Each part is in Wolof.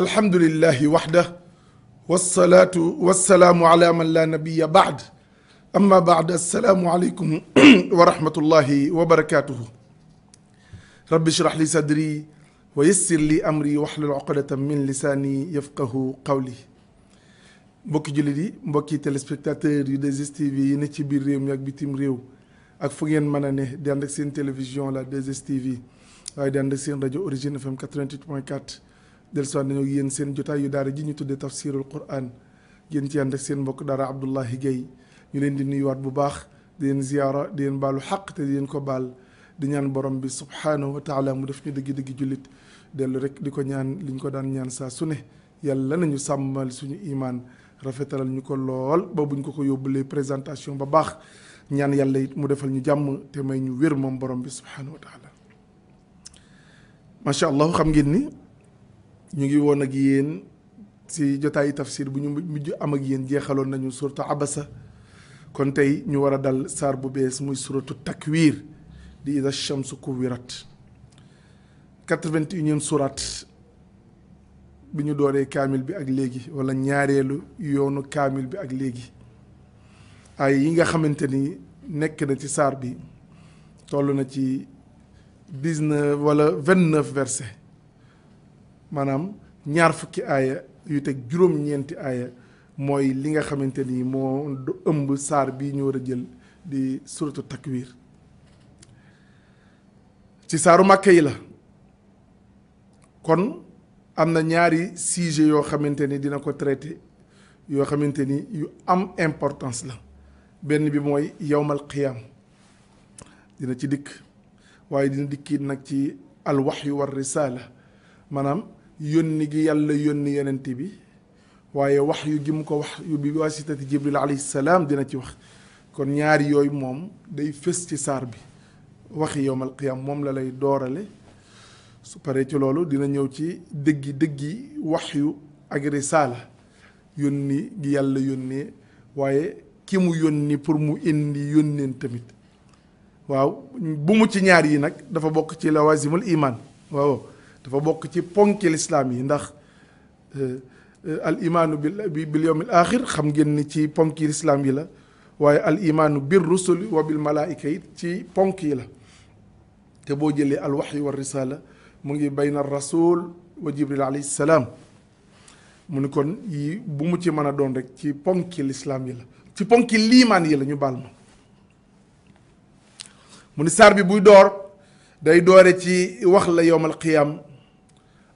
alhamdulillahi waxda wasalaatu wasalaamu ala man laa nabiya baad amma baad assalaamu aleykum wa rahmatullahi wa barakatuhu rabbi shrah li sadri wa yassir li amri wahlul uqdatan min lisaani yafqahu qawli mbokki jullit yi mbokki téléspectateurs yu 2STV yi ne ci biir réew mi ak bitim réew ak fu ngeen mën a ne di ànd seen télévision la 2STV waaye di ànd ak seen rajo origine fm 88.4 dellusiwaat nañu yéen seen jotaay yu daara ji ñu tuddee tafsirul quran ngeen ci ànd ak seen mbokk daara Abdullahi Gaye ñu leen di nuyuwaat bu baax di leen ziyaara di leen baalu xaq te di leen ko baal di ñaan borom bi subhanahu wa taala mu def ñu dëgg diggi jullit dellu rek di ko ñaan liñ ko daan ñaan saa su ne yàlla nañu sàmmal suñu imaan rafetalal ñu ko lool ba buñ ko ko yóbbulee présentation ba baax ñaan yàlla it mu defal ñu jàmm te may ñu wér moom borom bi subhaanahu wa taala macha allah xam ngeen ni ñu ngi woon ak yéen si jotaayu tafsir bu ñu mujj am ak yéen jeexaloon nañu suratu abasa kon tey ñu war a dal saar bu bees muy suratu takwir di ida chamsu kuwirat 81e surat bi ñu dooree kaamil bi ak léegi wala ñaareelu yoonu kaamil bi ak léegi ay yi nga xamante ni nekk na ci saar bi toll na ci dix-neuf wala vingt-neuf verset maanaam ñaar fukki aaya yu teg juróom-ñeenti aaya mooy li nga xamante ni moo ëmb saar bi ñu war a jël di suratu takwir ci saaru màkka yi la kon am na ñaari sujet yoo xamante ni dina ko traité yoo xamante ni yu am importance la benn bi mooy yowmal qiyaam dina ci dikk waaye dina dikkiit nag ci alwaxyu war risaala maanaam yónni gi yàlla yónni yenent bi waaye wax yu gi ko wax yu bi wasitati jibril alayhi dina ci wax kon ñaari yooyu moom day fës ci saar bi waxi yowmal qiyaam moom la lay doorale su paree ci loolu dina ñëw ci dëggi dëggi wax yu ak risaala yónni gi yàlla yónnee waaye ki mu yónni pour mu indi yónneen tamit waaw bu mu ci ñaar yi nag dafa bokk ci lawazimul imaan waaw dafa bokk ci ponki lislaam yi ndax euh, euh, al imaanu bi bil yawmil axir xam ngeen ci ponki lislaam yi la waaye al imaanu bir rusul wa bil malaayika it ci ponk yi la te boo jëlee al waxyu wa risaala mu ngi bayna rasul wa jibril alayhi salaam mu ni kon yi bu mu ci mën a doon rek ci ponki lislaam yi la ci ponki liimaan yi la ñu baal ma mu ni saar bi buy door day doore ci wax la yowmal qiyaam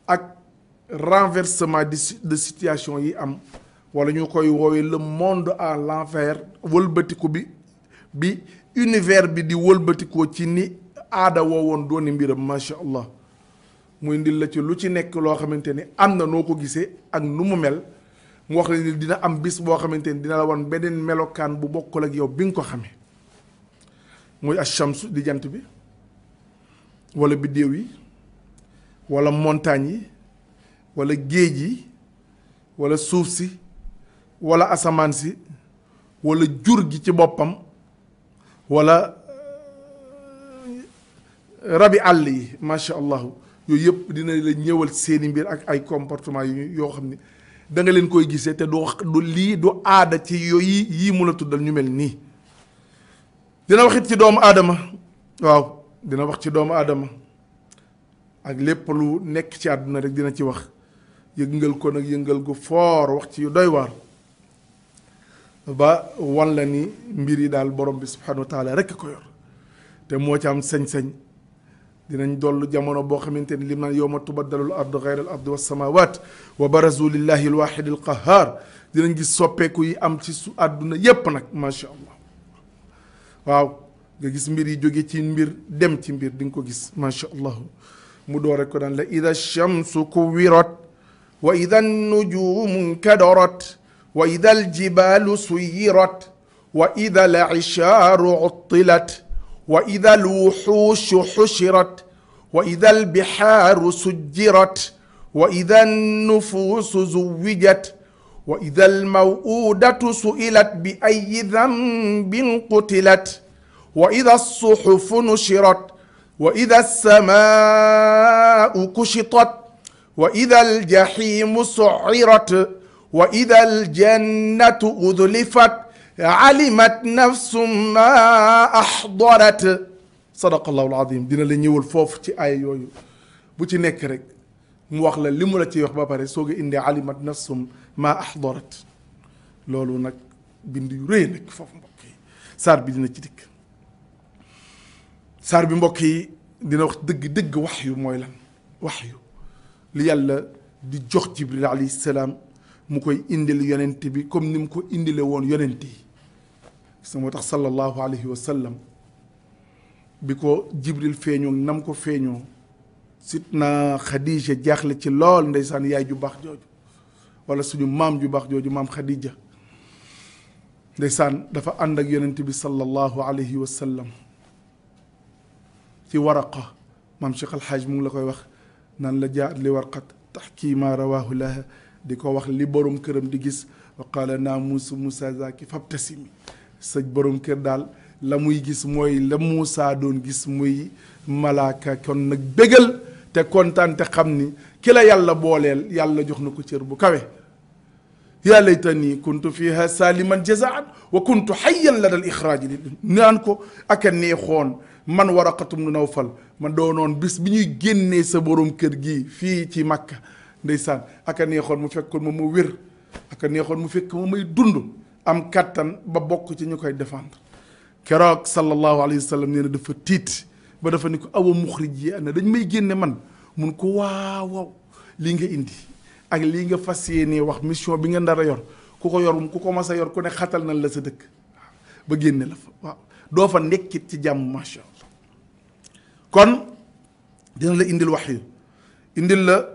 ak renversement de situation yi am wala ñu koy woowee le monde à l'envers wëlbatiku bi bi univers bi di wëlbatikoo ci ni aada woowoon dooni mbiram macha allah muy ndil la ci lu ci nekk loo xamante ni am na noo ko gisee ak nu mu mel mu wax la ni dina am bis boo xamante ni dina la wan beneen melokaan bu bokkul ak yow bi nga ko xamee muy ash-shams di jant bi wala biddéew yi wala montagne yi wala géej yi wala suuf si wala asamaan si wala jur gi ci boppam wala euh, rabi àll yi macha allahu yooyu yëpp dina la ñëwal seeni mbir ak ay comportement yu yoo xam ne da leen koy gisee te doo du lii du aada ci yooyu yii mun a tuddal ñu mel nii dina waxit ci doomu aadama waaw dina wax ci doomu aadama ak lépp lu nekk ci àdduna rek dina ci wax yëngal ko nag yëngal ko foor wax ci yu doy waar ba wan la ni mbir yi daal borom bi subhanahu wa taala rekk ko yor te moo ci am sañ-sañ dinañ dollu jamono boo xamante ni li man yowma tubaddalul ardu xeyra al wa barazu lillahi alwahidi alqahar dinañ gis soppeeku yi am ci su àdduna yépp nag macha waaw nga gis mbir yi jóge ci mbir dem ci mbir di nga ko gis macha allah mu doore ko daan la ida shamsu kuwirat wa ida nujumu nkadarat wa ida aljibalu suyirat wa ida al ishaaru uttilat wa ida alwuxuushu xushirat wa ida albixaaru sujjirat wa ida annufuusu zuwijat wa ida almawuudatu su'ilat bi ayi dambin qutilat wa ida alsuxufu nushirat wa ida alsamaau kushitat wa ida aljaxiimu sucirat wa ida aljannatu udlifat alimat nafsum ma ahdarat sadaqallahu alazim dina la ñëwal foofu ci ay yooyu bu ci nekk rek mu wax la li mu la ci wax ba pare soog a indee alimat nafsum ma ahdarat loolu nag bind yu rëy nag foofu mbokk yi saar bi dina ci dikk saar bi mbokk yi dina wax dëgg dëgg wax yu mooy lan wax yu li yàlla di jox jibril alayhi salaam mu koy indil yonent bi comme ni mu ko indile woon yonent yi sa moo tax sallallahu alayhi wa sallam bi ko jibril feeñoo nam ko feeñoo sit na xadija jaaxle ci lool ndeysaan yaay ju baax jooju wala suñu maam ju baax jooju maam xadija ndeysaan dafa ànd ak yonent bi sallallahu alayhi wa sallam ci waraqa maam Cheikh Alxaaj mu la koy wax naan la jaat li warqat taxkiima rawaahu laha di ko wax li borom këram di gis wa qaala naa muusa muusa zaki fabtasimi sa borom kër daal la muy gis mooy la Muusa doon gis muy malaaka kon nag bégal te kontaan te xam ni ki la yàlla booleel yàlla jox na ko cër bu kawe yaa laytani kuntu fiha saliman jazaan wa kuntu hayyan la dal ixraaj li naan ko ak a neexoon man waraqatum nu nawfal ma doonoon bis bi ñuy génnee sa borom kër gi fii ci Makka ndeysaan ak a neexoon mu fekkoon ma mu wér ak a neexoon mu fekk ma may dund am kàttan ba bokk ci ñu koy défendre keroog sallallahu alayhi wa sallam nee na dafa tiit ba dafa ni ko awa muxrij yi ana dañ may génne man mun ko waaw waaw lii nga indi ak lii nga fas yéenee wax mission bi nga ndara yor ku ko yor ku ko mas yor ku ne xatal nañ la sa dëkk ba génne la fa waaw doo fa nekkit ci jàmm macha allah kon dina la indil wax yi indil la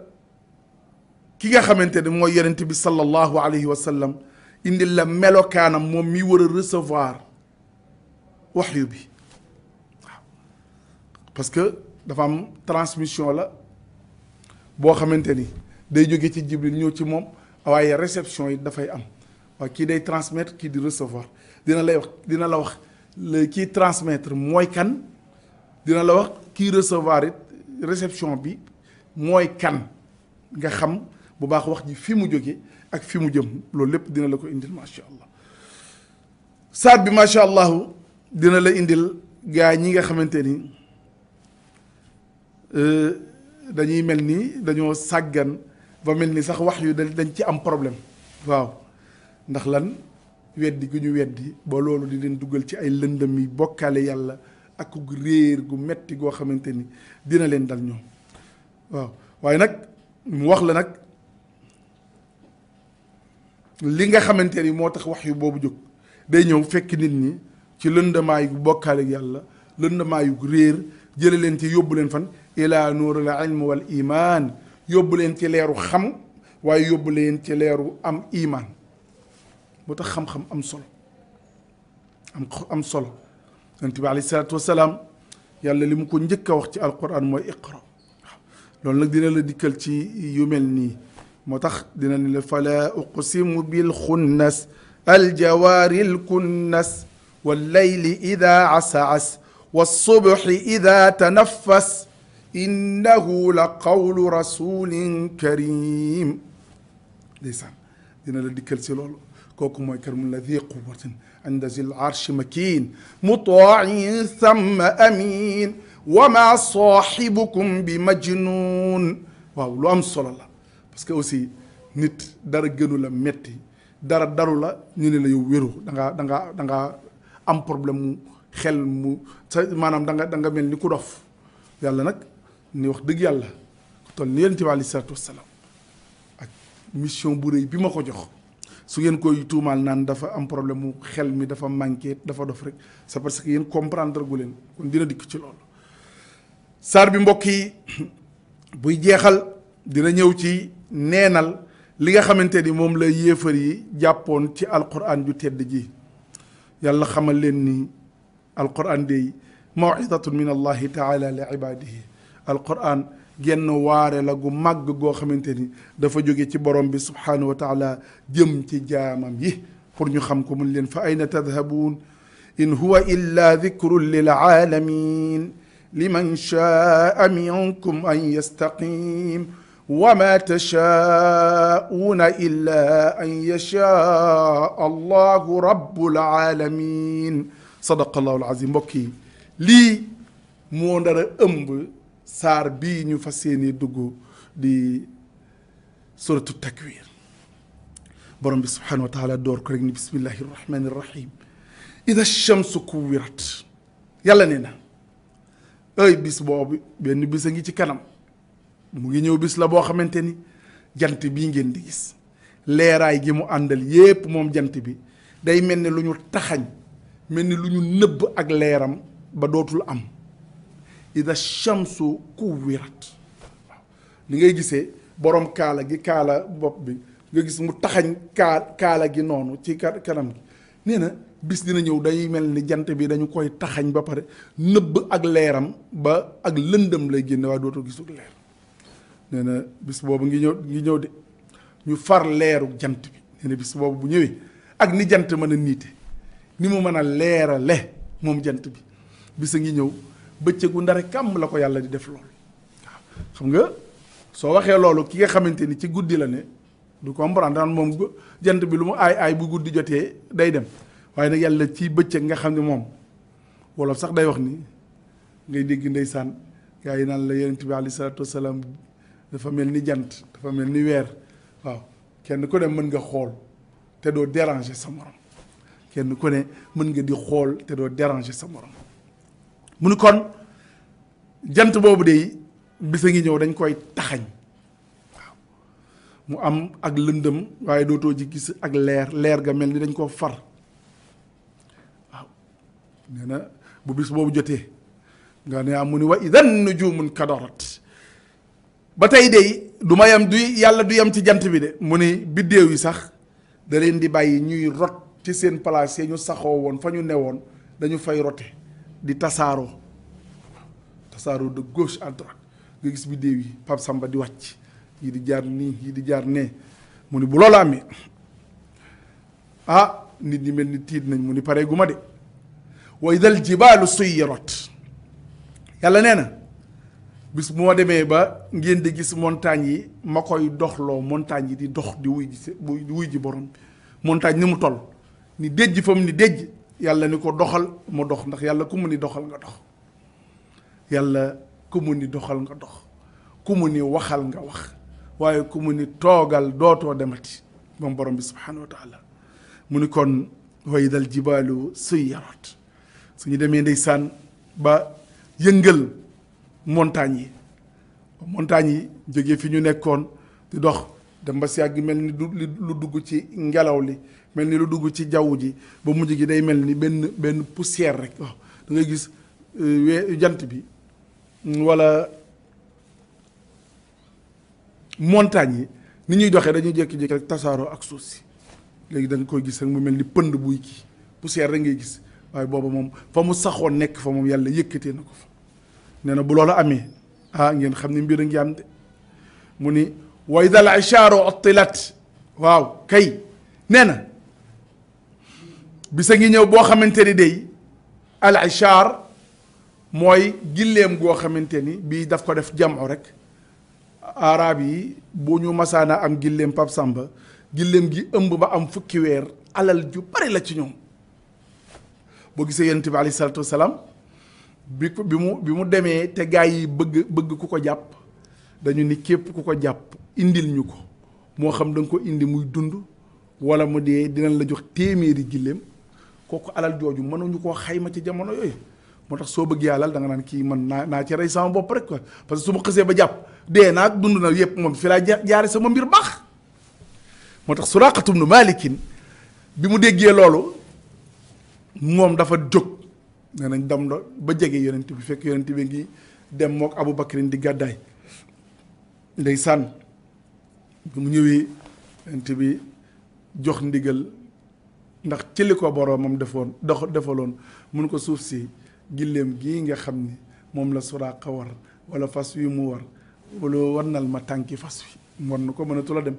ki nga xamante ne mooy yenent bi sallallahu alayhi wa sallam indil la melokaanam moom mi war a recevoir waxyu bi parce que dafa am transmission la boo xamante ni day jóge ci Jibril ñëw ci moom waaye réception yi dafay am waaye kii day transmettre kii di recevoir dina lay wax dina la wax kii transmettre mooy kan dina la wax kii recevoir it réception bi mooy kan nga xam bu baax wax ji fi mu jóge ak fi mu jëm loolu lépp dina la ko indil macha allah saat bi macha allahu dina la indil gaa ñi nga xamante ni euh, dañuy mel ni dañoo sàggan ba mel ni sax wax yu dañ ci am problème waaw ndax lan weddi gu ñu weddi ba loolu di leen dugal ci ay lëndëm yi bokkale yàlla ak gu réer gu metti goo xamante ni dina leen dal ñoom waaw waaye nag mu wax la nag li nga xamante ni moo tax wax yu boobu jóg day ñëw fekk nit ñi ci lëndamaay gu bokkaale ak yàlla lëndamaay yu réer jële leen ci yóbbu leen fan ilaa nuuril ilm wal iman yóbbu leen ci leeru xam waaye yóbbu leen ci leeru am iman moo tax xam-xam am solo am am solo yonent bi aleyhi salaatu yàlla li mu ko njëkk a wax ci alquran mooy iqra waaw loolu nag dina la dikkal ci yu mel nii moo tax dina ni la fala uqsimu bil xunnas aljawaari lkunnas wallayli ida asas walsubxi ida tanaffas innahu la qawlu rasulin karim ndeysaan dina la dikkal si loolu kooku mooy karimun ladi quwatin inda zil arshi makin mutaain thumma amin wa ma saaxibukum bi majnun waaw lu am solo la parce que aussi nit dara gënu la metti dara daru la ñu ne la yow wéru da ngaa da ngaa am problème mu xel mu sa maanaam da nga da nga mel ni ku dof yàlla nag ni wax dëgg yàlla ku toll ni yonent bi aleyhi salaatu wasalaam ak mission bu rëy bi ma ko jox su ngeen koy tuumaal naan dafa am problème mu xel mi dafa manqué dafa dof rek c'est parce que yéen comprendre gu leen kon dina dikk ci loolu saar bi mbokk yi buy jeexal dina ñëw ci neenal li nga xamante ni moom la yéefar yi jàppoon ci alquran ju tedd ji yàlla xamal leen ni alquran day mawidatun min allahi taala li ibadihi alquran genn màgg goo xamante ni dafa jóge ci borom bi subhanahu wa taala jëm ci jaamam yi pour ñu xam ko mu leen fa ayna tadhabuun in huwa illa dikrun lil aalamin liman shaa minkum an yastaqim وما تشاءون إلا أن يشاء الله رب العالمين صدق الله العظيم mbokk yi lii moo dara ëmb saar bii ñu fas yéene dugg di suratu takwir borom bi subhanahu wa taala door ko rek ni bismillahi rahmani rahim ida shamsu kuwirat yàlla nee na ay bis boobu benn bis a ngi ci kanam mu ngi ñëw bis la boo xamante ni jant bii ngeen di gis leeraay gi mu àndal yépp moom jant bi day mel ni lu ñu taxañ mel ni lu ñu nëbb ak leeram ba dootul am ida shamsu kuwirat waaw li ngay gisee boroom kaala gi kaala bopp bi nga gis mu taxañ kaa kaala gi noonu ci kanam gi nee na bis dina ñëw day mel ni jant bi dañu koy taxañ ba pare nëbb ak leeram ba ak lëndëm lay génne waaye dootoo gisul leer nee na bis boobu ngi ñëw ngi ñëw de ñu far leeru jant bi nee bis boobu bu ñëwee ak ni jant mën a niite ni mu mën a leerale moom jant bi bis a ngi ñëw bëccëgu ndare kàmm la ko yàlla di def loolu waaw xam nga soo waxee loolu ki nga xamante ni ci guddi la ne du comprendre daan moom jant bi lu mu aay aay bu guddi jotee day dem waaye nag yàlla ci bëccëg nga xam ne moom wolof sax day wax ni ngay dégg ndeysaan gaa yi naan la yonent bi aleyhi salaatu wasalaam dafa mel ni jant dafa mel ni weer waaw kenn ku ne mën nga xool te doo déranger sa morom kenn ku ne mën nga di xool te doo déranger sa morom mu ni kon jant boobu de bisa ngi ñëw dañ koy taxañ waaw mu am ak lëndëm waaye dootoo ji gis ak leer leer ga mel ni dañ koo far waaw nee na bu bis boobu jotee nga ne am ah, mu ni wa idan nujumun kadarat ba tey de du ma yem du yàlla du yem ci jant bi de mu ni biddéew yi sax da leen di bàyyi ñuy rot ci seen place yi ñu saxoo woon fa ñu newoon dañu fay rote di tasaaroo tasaaroo de gauche à nga gis biddéew yi Pape Samba di wàcc yi di jaar nii yi di jaar nee mu ni bu loolu amee ah nit ñi mel ni tiit nañ mu ni pare gu ma de wa idal jibaalu suyyirat yàlla nee na bis bu ma demee ba ngeen di gis montagne yi ma koy doxloo montagne yi di dox di wuy ji di wuy ji borom montagne ni mu toll ni déjj fa mu ni déjj yàlla ni ko doxal mu dox ndax yàlla ku mu ni doxal nga dox yàlla ku mu ni doxal nga dox ku mu ni waxal nga wax waaye ku mu ni toogal dootoo demati moom borom bi subhanahu wa mu ni kon waydal jibaalu suyarat ñu demee ndeysaan ba yëngal montagnes yi montagnes yi jóge fi ñu nekkoon di dox dem ba si yàgg mel ni lu dugg ci ngelaw li mel ni lu dugg ci jaww ji ba mu gi day mel ni benn benn poussière rek waaw da ngay gis euh, we jant bi walla montagnes yi ni ñuy doxee dañuy jékki-jékki rek tasaaroo ak suuf si léegi da nga koy gis rek mu mel ni pënd buy kii poussière rek ngay gis waaye booba moom fa mu saxoon nekk fa moom yàlla yëkkatee na ko fa nee na bu loola amee ah ngeen xam ne mbir a ngi am de mu ni wa ida al ishaaru uttilat waaw kay nee na bisa ngi ñëw boo xamante ni day al ishaar mooy gilleem goo xamante ni bii daf ko def jamu rek arab yi bu ñu masaana am gilleem pap gilleem gi ëmb ba am fukki weer alal ju bari la ci ñoom boo gisee yonent bi alayhi salaatu wasalaam bi ko bi mu bi mu demee te gaa yi bëgg bëgg ku ko jàpp dañu ni képp ku ko jàpp indil ñu ko moo xam danga ko indi muy dund wala mu dee dinañ la jox téeméeri gilleem kooku alal jooju mënuñu koo xayma ci jamono yooyu moo tax soo bëggee alal danga nga naan kii man naa naa ci rey sama bopp rek ko parce que su ma xësee ba jàpp dee naa dund na yëpp moom fi laa jaare sama mbir baax moo tax Suraqatum nu Malikin bi mu déggee loolu moom dafa jóg. nee nañ dem na ba jege yonent bi fekk yonent bi ngi dem mook Abu Bakrin di gàddaay ndeysaan bi mu ñëwee yonent bi jox ndigal ndax ci li ko boroomam defoon dox defaloon mun ko suuf si gilleem gii nga xam ni moom la suraaqa war wala fas wi mu war wala wannal ma tànki fas wi war na ko mënatu la dem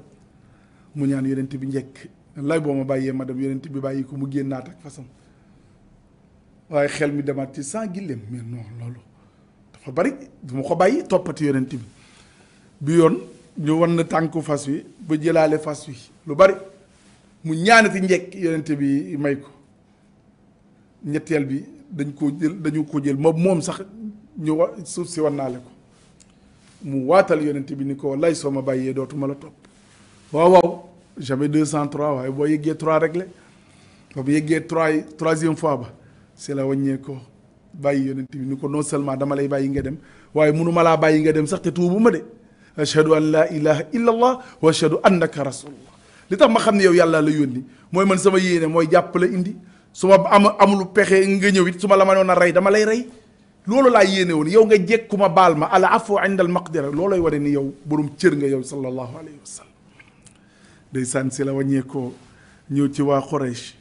mu ñaan yonent bi njekk lay boo ma bàyyee ma dem yonent bi bàyyi ko mu génnaat ak fasam waaye xel mi demaat ci sans gilleem mais non loolu dafa bari du ma ko bàyyi toppati yonent bi bi yoon ñu wan na tànku fas wi ba jëlaale fas wi lu bari mu ñaanati njekk yonent bi may ko ñetteel bi dañ koo jël dañu ko jël moom moom sax ñu wa suuf si wannaale ko mu waatal yonent bi ni ko wallaay soo ma bàyyee dootuma la topp waaw waaw jamais deux cent trois waaye boo yëggee trois rek la ba bu yëggee trois troisième fois ba si la wàññee ko bàyyi yonent bi ni ko non seulement dama lay bàyyi nga dem waaye munu ma laa bàyyi nga dem sax te tuubu ma de ashhadu an laa ilaha illa allah wa ashhadu annaka rasulullah li tax ma xam ne yow yàlla la yónni mooy man sama yéene mooy jàpp la indi su ma am amul pexe nga ñëw it su ma la mënoon a rey dama lay rey loolu laa yéene woon yow nga jekku ma baal ma al afu inda al maqdira loolooy wane ni yow borom cër nga yow sallallahu alayhi wa sallam ndeysaan si la wàññeekoo ñëw ci waa Quraysh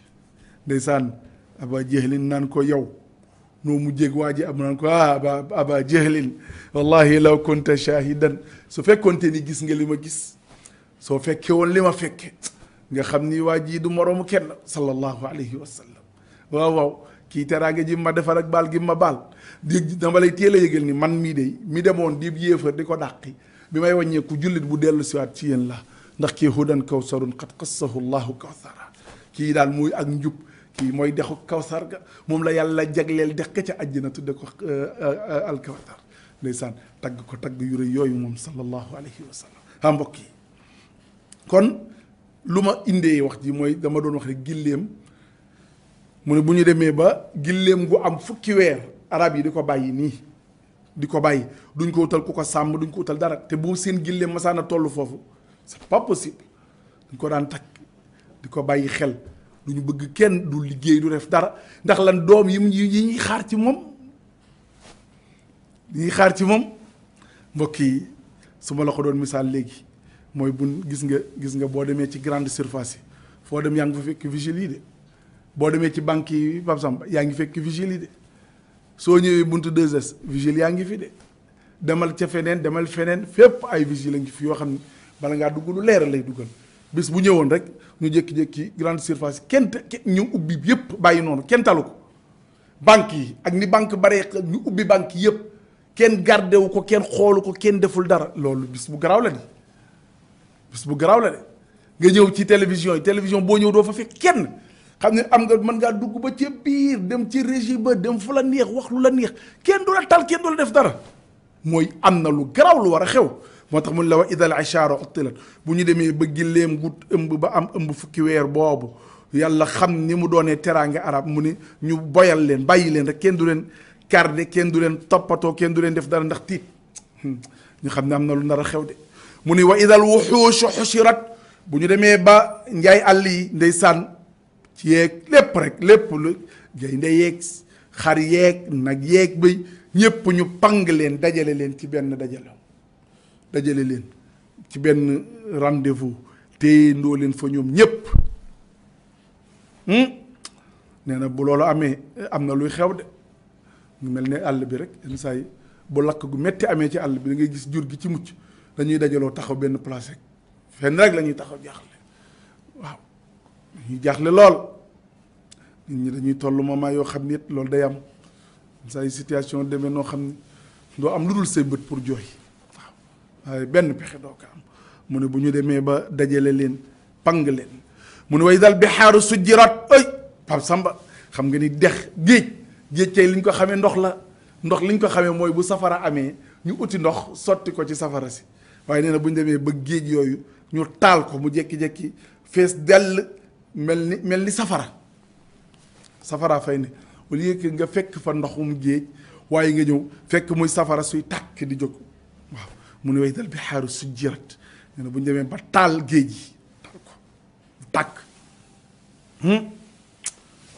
ndeysaan aba jeexlin naan ko yow noo mu jéeg waa ji am naan ko ah aba aba jeexlin wallahi law kunta shahidan su fekkoonte ni gis nga li ma gis soo fekke woon li ma fekke nga xam ni waa ji du moroomu kenn sallallahu alayhi wa sallam waaw waaw kii teraanga ji ma defar ak baal gi ma baal di dama lay teel a ni man mii de mi demoon di yéefar di ko dàqi bi may waññeeku jullit bu dellu siwaat ci yéen la ndax kii hudan kawsarun qad qassahu llahu kawsara kii daal muy ak njub kii mooy dexu kawsar ga moom la yàlla jagleel dex ka ca àjjana tudde ko euh, alkawsar ndeysaan tagg ko tagg yu yooyu moom sallallahu alayhi wa sallam mbokk yi kon lu ma indee wax ji mooy dama doon wax rek gilleem mu ne bu ñu demee ba gilleem gu am fukki weer arab yi di ko bàyyi nii di ko bàyyi duñ ko wutal ku ko sàmm duñ ko wutal dara te bu seen gilleem masaana tollu foofu c'est pas possible dañ ko daan takk di ko bàyyi xel du ñu bëgg kenn du liggéey du def dara ndax lan doom yi mu yi ñuy xaar ci moom yi xaar ci moom mbokk yi su ma la doon misaal léegi mooy bun gis nga gis nga boo demee ci grande surface yi foo dem yaa ngi fa fekk vigile yi de boo demee ci banque yi Pape Samba yaa ngi fekk vigile yi de soo ñëwee buntu deux s vigile yaa ngi fi de demal ca feneen demal feneen fépp ay vigile a ngi fi yoo xam ne bala ngaa dugg lu leer lay duggal. bis bu ñëwoon rek ñu jékki-jékki grande surface kenn ñu ubbi yëpp bàyyi noonu kenn talu ko banque yi ak ni banque baree ñu ubbi banque yëpp kenn gardé wu ko kenn xoolu ko kenn deful dara loolu bis bu garaaw la ni bu garaaw la nga ñëw ci télévision yi télévision boo ñëw doo fa fekk kenn xam ne am nga mën ngaa dugg ba ca biir dem ci régie ba dem fu la neex wax lu la neex kenn du la tal kenn du la def dara mooy am na lu garaaw lu war a xew moo tax mun la wa idal ishaaru uttilat bu ñu demee ba gilleem gu ëmb ba am ëmb fukki weer boobu yàlla xam ni mu doonee teraanga arab mu ni ñu boyal leen bàyyi leen rek kenn du leen garde kenn du leen toppatoo kenn du leen def dara ndax tiit hmm. ñu xam ne am na lu nar a xew de mu ni wa idal wuxuushu xushirat bu ñu demee ba njaay àll yi ndeysaan ci yeeg lépp rek lépp lu gaynde yeeg xar yeeg nag yeeg bëy ñépp ñu pang leen dajale leen ci benn dajale dajale leen ci benn rendez-vous téye ndoo leen fa ñoom ñépp hmm? nee na bu loolu amee am na luy xew de ñu mel ne àll bi rek yenn bu lakk gu metti amee ci àll bi da ngay gis jur gi ci mucc dañuy dajaloo taxaw benn place rek fenn rek la ñuy taxaw jaaxle waaw dañuy lool nit ñi dañuy toll moment yoo xam nit loolu day am saa yi situation demee noo xam ni doo am lu dul say bët pour jooy waaye benn pexe doo ko am mu ne bu ñu demee ba dajale leen pang leen mu ne way dal bihaaru sujjirat ay Pape Samba xam nga ni dex géej géej tey li ko xamee ndox la ndox liñ ko xamee mooy bu safara amee ñu uti ndox sotti ko ci safara si waaye nee na bu ñu demee ba géej yooyu ñu taal ko mu jékki-jékki fees dell mel ni mel ni safara safara fay ne au lieu que nga fekk fa ndoxum géej waaye nga ñëw fekk muy safara suy tàkk di jóg mu ne waytal bi xaaru sujjirat nee na bu ñu demee ba taal géej gi taal ko hmm?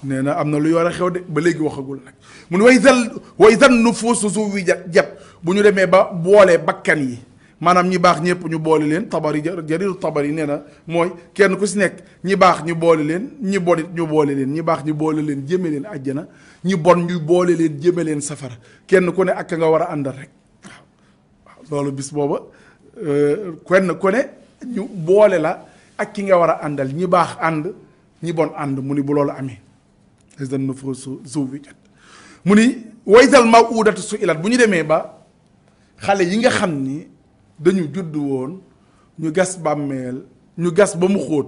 nee na am na luy war a xew de ba léegi waxagul nag mu ne waytal waytal nufuusu zuwijat jat bu ñu demee ba boole bakkan yi maanaam ñi baax ñëpp ñu boole leen tabari jariru tabari nee na mooy kenn ku si nekk ñi baax ñu boole leen ñi bonit ñu boole leen ñi baax ñu boole leen jëme leen àjjana ñi bon ñu boole leen jëme leen safara kenn ku ne ak nga war a àndal rek loolu bis booba euh, kenn ku ne ñu boole la ak ki nga war a àndal ñi baax ànd ñi bon ànd mu ni bu loolu amee dan na fa mu ni waysal mawudatu su ilat bu ñu demee ba xale yi nga xam ni dañu judd woon ñu gas bàmmeel ñu gas ba mu xóot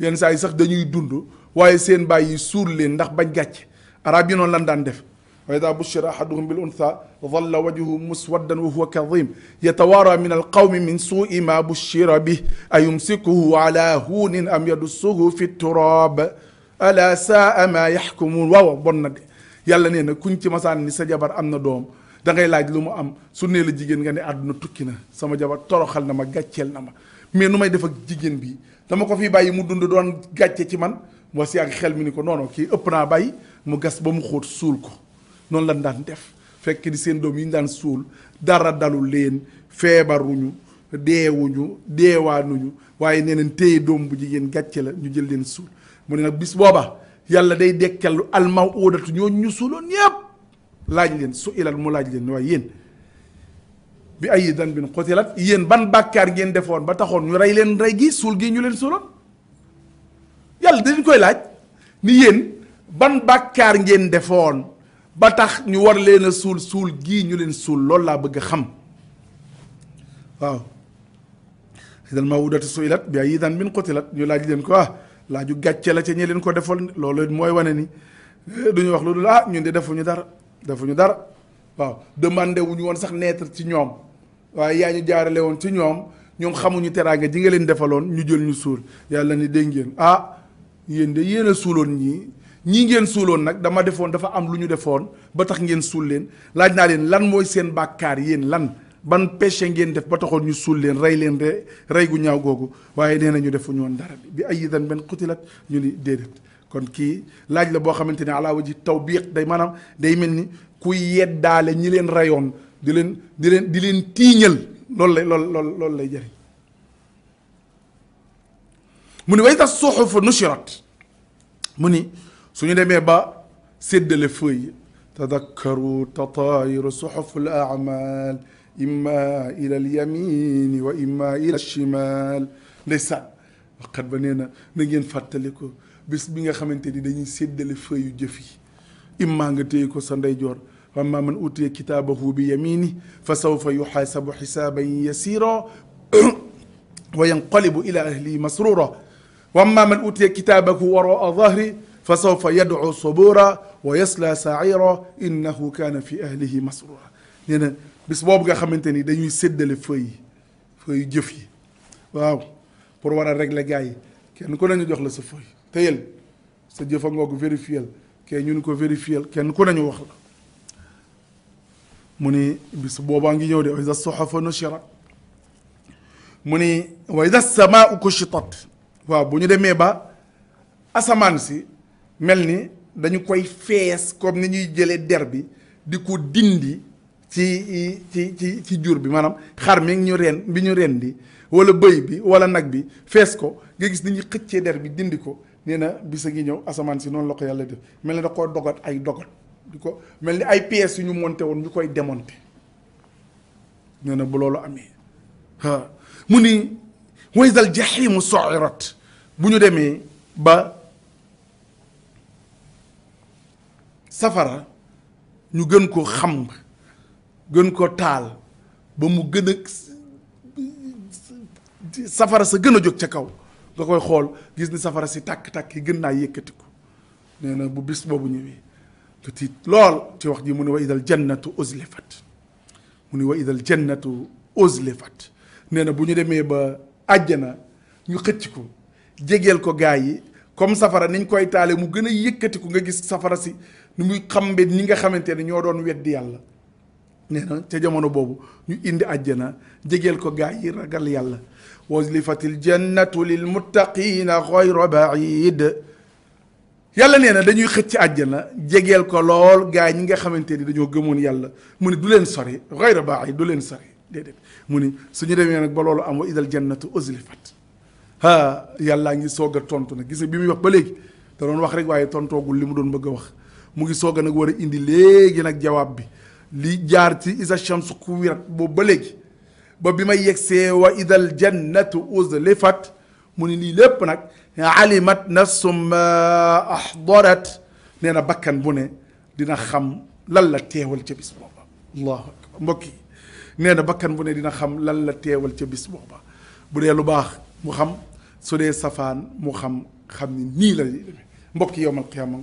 yenn saa yi sax dañuy dund waaye seen bàyyi suur leen ndax bañ gàcce arab yi noonu lan daan def wa ida bushira ahaduhum bil untha dalla wajhu muswaddan wa huwa kadim yatawaara min alqawmi min suui ma bushira bi ayumsikuhu ala huunin am yadussuhu fi turaab ala saa ma yaxkumuun waaw bon na de yàlla nee na kuñ ci masaan ni sa jabar am na doom da ngay laaj lu mu am su nee la jigéen nga ne àdduna tukki na sama jabar toroxal na ma gàcceel na ma mais nu may def ak jigéen bi dama ko fi bàyyi mu dund doon gàcce ci man wa si ak xel mi ni ko noono kii ëpp naa bàyyi mu gas ba mu xóot suul ko noonu lan daan def fekk di seen doom yi ñu daan suul dara dalu leen feebaruñu deewuñu deewaanuñu waaye nee nañ téye doom bu jigéen gàcce la ñu jël leen suul mu ne nag bis booba yàlla day dekkel almawudatu ñooñu ñu suuloon yépp laaj leen su ilal mu laaj leen waaye yéen bi ay dan bin xutilat yéen ban bàkkaar ngeen defoon ba taxoon ñu rey leen rey gi suul gi ñu leen suuloon yàlla dañ koy laaj ni yéen ban bàkkaar ngeen defoon ba tax ñu war leen suul suul gii ñu leen suul loolu laa bëgg a xam waaw idal mawudatu suilat bi ayyi dhanbin qutilat ñu laaj leen ko ah laaju gàcce la ci ñi leen ko defoon loolu mooy wane ni eh, duñu wax lu dul ah ñun de defuñu dara defuñu dara waaw demandé woon sax neetar ci ñoom waaye yaa ñu jaarale woon ci ñoom ñoom xamuñu teraanga ji nga leen defaloon ñu jël ñu suul yàlla ni dégg ngeen ah yéen de yéen suuloon ñii ñii ngeen suuloon nag dama defoon dafa am lu ñu defoon ba tax ngeen suul leen laaj naa leen lan mooy seen bàkkaar yéen lan ban péché ngeen def ba taxoon ñu suul leen rey leen re rey gu ñaaw googu waaye nee na ñu defu ñoon dara bi bi ay yidan benn xutilat ñu ni déedéet kon kii laaj la boo xamante ji taw waji tawbiq day maanaam day mel ni ku yeddaale ñi leen reyoon di leen di leen di leen tiiñal loolu lay lool lool loolu lay jëriñ mu ni way tax suxufu nushirat mu ni su ñu demee ba séddale feuille tadakkaru tataayiru suxufu l amal imma ila al yamini wa imma ila chimal ndeysaan waxkat ba nee na na ngeen fàttaliku bés bi nga xamante ni dañuy séddale feuille yu jëf yi imma nga téye ko sa ndeyjoor amma man utiya kitaabahu bi yamini fa sawfa yuxaasabu xisaaban yasira wa yanqalibu ila ahlihi masrura wa amma man utiya kitaabahu waraa dahri فسوف يدعو صبورا ويصلى سعيرا إنه كان في أهله مسرورا nee na bis boobu nga xamante ni dañuy séddale feuille yi feuille jëf yi waaw pour war a yi kenn ku nañu jox la sa feuille téyel sa jëfa ngoog vérifiel kenn ñu ko vérifiel kenn ku nañu wax mu ni bis boobaa ngi ñëw de wa iza suhufu nushirat mu ni wa iza samaa'u kushitat waaw bu ñu demee ba asamaan si mel ni dañu koy fees comme ni ñuy jëlee der bi di ko dindi ci ci ci ci jur bi maanaam xar mi ñu ren bi ñu ren di wala bëy bi wala nag bi fees ko nga gis ni ñuy xëccee der bi dindi ko nee na bisa ngi ñëw asamaan si noonu la ko yàlla def mel ni da koo dogat ay dogat di ko mel ni ay pièces yu ñu monté woon ñu koy démonté nee na bu loolu amee mu ni waysal jaximu soirat bu ñu demee ba safara ñu gën ko xam gën ko taal ba mu gën a safara sa gën a jóg ca kaw nga koy xool gis ni safara si tàkk-tàkk yi gën naa yëkkatiku nee na bu bis boobu ñëwee nga tiit lool ci wax ji mu ne wa idal jannatu uzlifat mu ne wa idal jannatu uzlifat nee na bu ñu demee ba àjjana ñu xëcc ko jegeel ko gaa yi comme safara niñ koy taalee mu gën a yëkkatiku nga gis safara si ni muy xambe ñi nga xamante ne ñoo doon weddi yàlla nee ca jamono boobu ñu indi àjjana jegeel ko gaa yi ragal yàlla waslifatil jannatu lil muttaqina xayra baid yàlla nee na dañuy xëcc àjjana jegeel ko lool gaa yi ñi nga xamante ni dañoo gëmoon yàlla mu ne du leen sori xayra baid du leen sori déedéet mu ni suñu demee nag ba loolu am wa idal jannatu uslifat ha yàllaa ngi soog a tontu nag gis bi muy wax ba léegi da doon wax rek waaye tontoogul li mu doon bëgg a wax mu ngi soog a nag war a indi léegi nag jawaab bi li jaar ci isa shamsu kuwirat boobu ba léegi ba bi may yegsee wa idal jannatu uzlifat mu ni lii lépp nag alimat nafsum ma ahdarat nee na bakkan bu ne dina xam lan la teewal ca bis booba allahu akbar na bakkan bu ne dina xam lan la teewal ca bis booba bu dee lu baax mu xam su dee safaan mu xam xam ni nii la demee mbokk yi yowmal qiyaama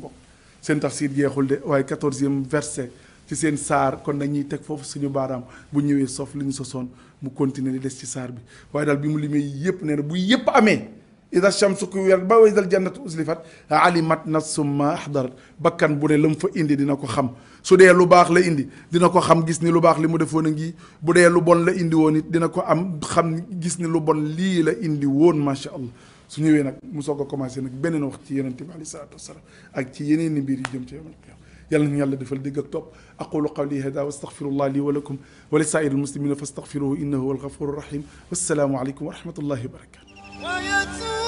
seen tafsir jeexul de waaye quatorzième verset ci seen saar kon dañuy teg foofu suñu baaraam bu ñëwee sof li ñu sosoon mu continuer di des ci saar bi waaye daal bi mu limee yëpp nee na bu yëpp amee ida shamsu kuwirat ba wa idal jannatu uslifat alimat nafsum ma ahdarat bakkan bu ne la mu fa indi dina ko xam su dee lu baax la indi dina ko xam gis ni lu baax li mu defoon a ngi bu dee lu bon la indi woon it dina ko am xam gis ni lu bon lii la indi woon macha allah su ñëwee nag mu soog a commencé nag beneen wax ci yonent bi aleyhi salaatu wa salaam ak ci yeneen i mbir yu jëm ci yawmal qiyaama yàlla nañu yàlla defal dégg ak topp aqulu qawli hada wa astaghfirullah li wa lakum wa li saa'iri lmuslimina fastaghfiruhu innahu huwal ghafuuru rahim wassalaamu aleykum wa rahmatullahi wa barakatuh